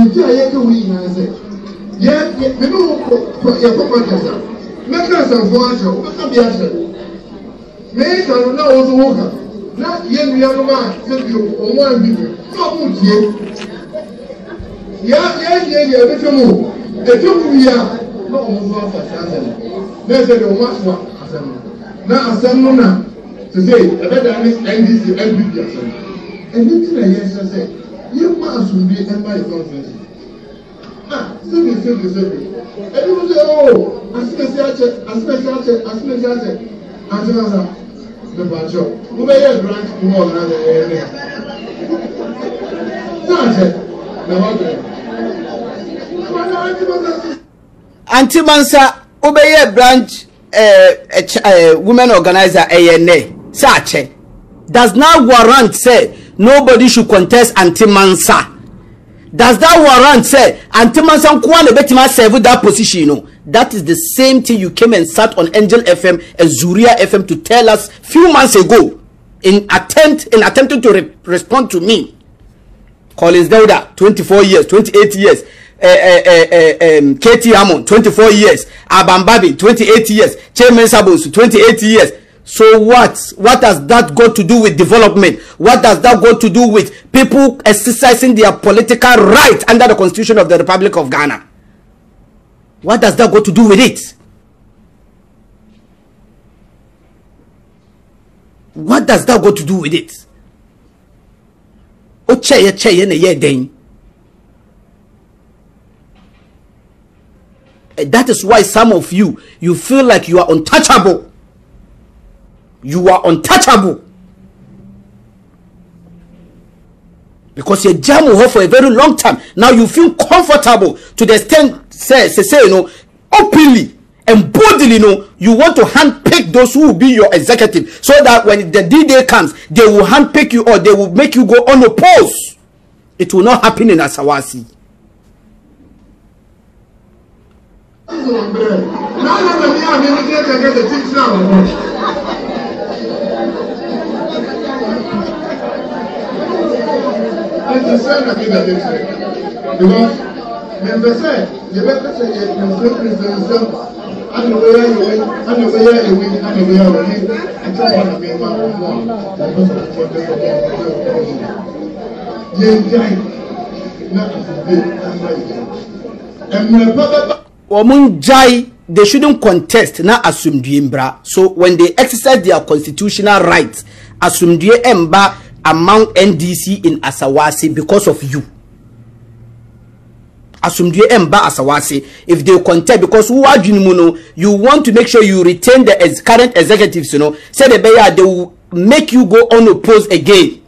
nti a yɛ de wo nyinaa sɛ yɛ yɛ ne wo kɔ yɛ kɔ kɔ kasa mɛka asafo akyɛ wo mɛka bi akyɛ mee ka no na wɔn nso wo ka na yɛ nua no ma yɛ bi wɔn a bi bi na wɔn tie yɛ yɛ yɛ yɛ ebi twɛ mu etwa mu bi a na wɔn nso afa saa asɛm na ɛsɛ deɛ wɔn afa asɛm na asɛm no na sese ɛbɛda ne ndc npp asɛm ɛbi ti na yɛ sɛ sɛ yẹ mọ asundue ẹ mma yẹ kọnfẹnsi na sebi sebi sebi ẹni mo sẹ ọ asimesi akyẹ asimesi akyẹ asimesi akyẹ antinasa nipakyɛ mo bɛ yɛ grant mo wɔ ɔna na yɛ ne saakyɛ na wa bɛ anti mansa wobɛyɛ branch eh, eh, women organizer ɛyɛ eh, nɛ sɛ akyɛ does not warrant sɛ nobody should contest antimansa does that warrant say antimansa nkoa na ebetumi serve that position no that is the same thing you came and sat on angel fm and zuria fm to tell us few months ago in attempt in attempting to re respond to me collins deuda twenty-four years twenty-eight years uh, eh, uh, eh, uh, eh, um, kt hammond twenty-four years abambabi twenty-eight years chairman sabosu twenty-eight years So what? What does that got to do with development? What does that got to do with people exercising their political right under the constitution of the Republic of Ghana? What does that got to do with it? What does that got to do with it? Ocheye cheye ne ye den. That is why some of you, you feel like you are untouchable you are untouchable because you jam her for a very long time now you feel comfortable to the extent say say, say you know openly and boldly you know you want to handpick those who will be your executive so that when the d-day comes they will handpick you or they will make you go unopposed it will not happen in asawasi the same thing that they say. Because mẹ̀mẹ̀sẹ̀ yẹ̀bẹ̀kẹsẹ̀ yẹ mẹ̀mẹ̀sẹ̀ anabɛya ewe anabɛya ewe anabɛya wòye ɛtɛ wɔn they shouldn't contest Not assume mbra so when they exercise their constitutional rights, assume mba. among ndc in asawase because of you asumdue emba asawase if they contest because who are you you want to make sure you retain the ex current executives you know say the bayer they will make you go on unopposed again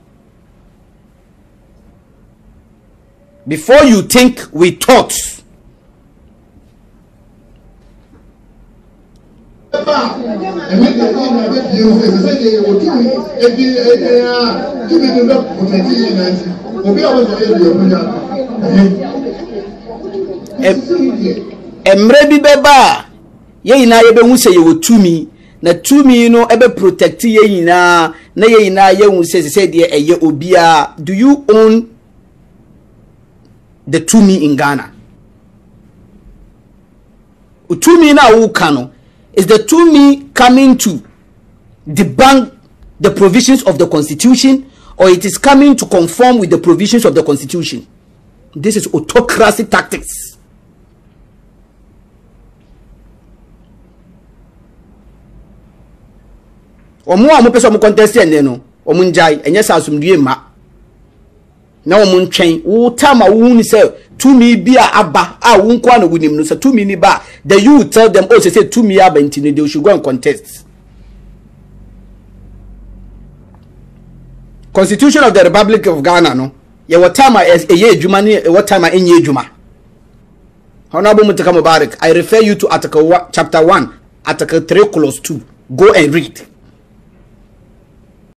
before you think we thought ɛmɛ tɛ fɔ ɔmɔ ɛbɛ bie wofɛ ɛsɛ de wotu ebi ɛdi ya tubi ni bɛ kuta ti yi na ti obi a wɔsɔ yɛ bie kuta ɛmmerɛ bi bɛba a yɛn nyinaa yɛbɛhu sɛ yɛwɔ tumi na tumi no ɛbɛ protect yɛn nyinaa na yɛn nyinaa yɛhu sɛ sɛ deɛ ɛyɛ obiara do you own the tumi in ghana tumi no a woka no is the two me coming to debunk the provisions of the constitution or it is coming to conform with the provisions of the constitution. This is autocracy tactics. Ọmụ a ọmụpụ sọ ọmụ kọntestị ene no ọmụ njae enye saa asụmdue ma na ọmụ ntwɛn wụ tam a wụ hụ ni sɛ tumi bi a aba a wo nko ana wonim no sɛ tumi ni ba the you tell them oh say say tumi aba nti no they should go and contest constitution of the republic of ghana no What time a ɛyɛ adwuma ne ɛwɔ time a ɛnyɛ adwuma honorable mutaka mubarak i refer you to article one, chapter 1 article 3 clause 2 go and read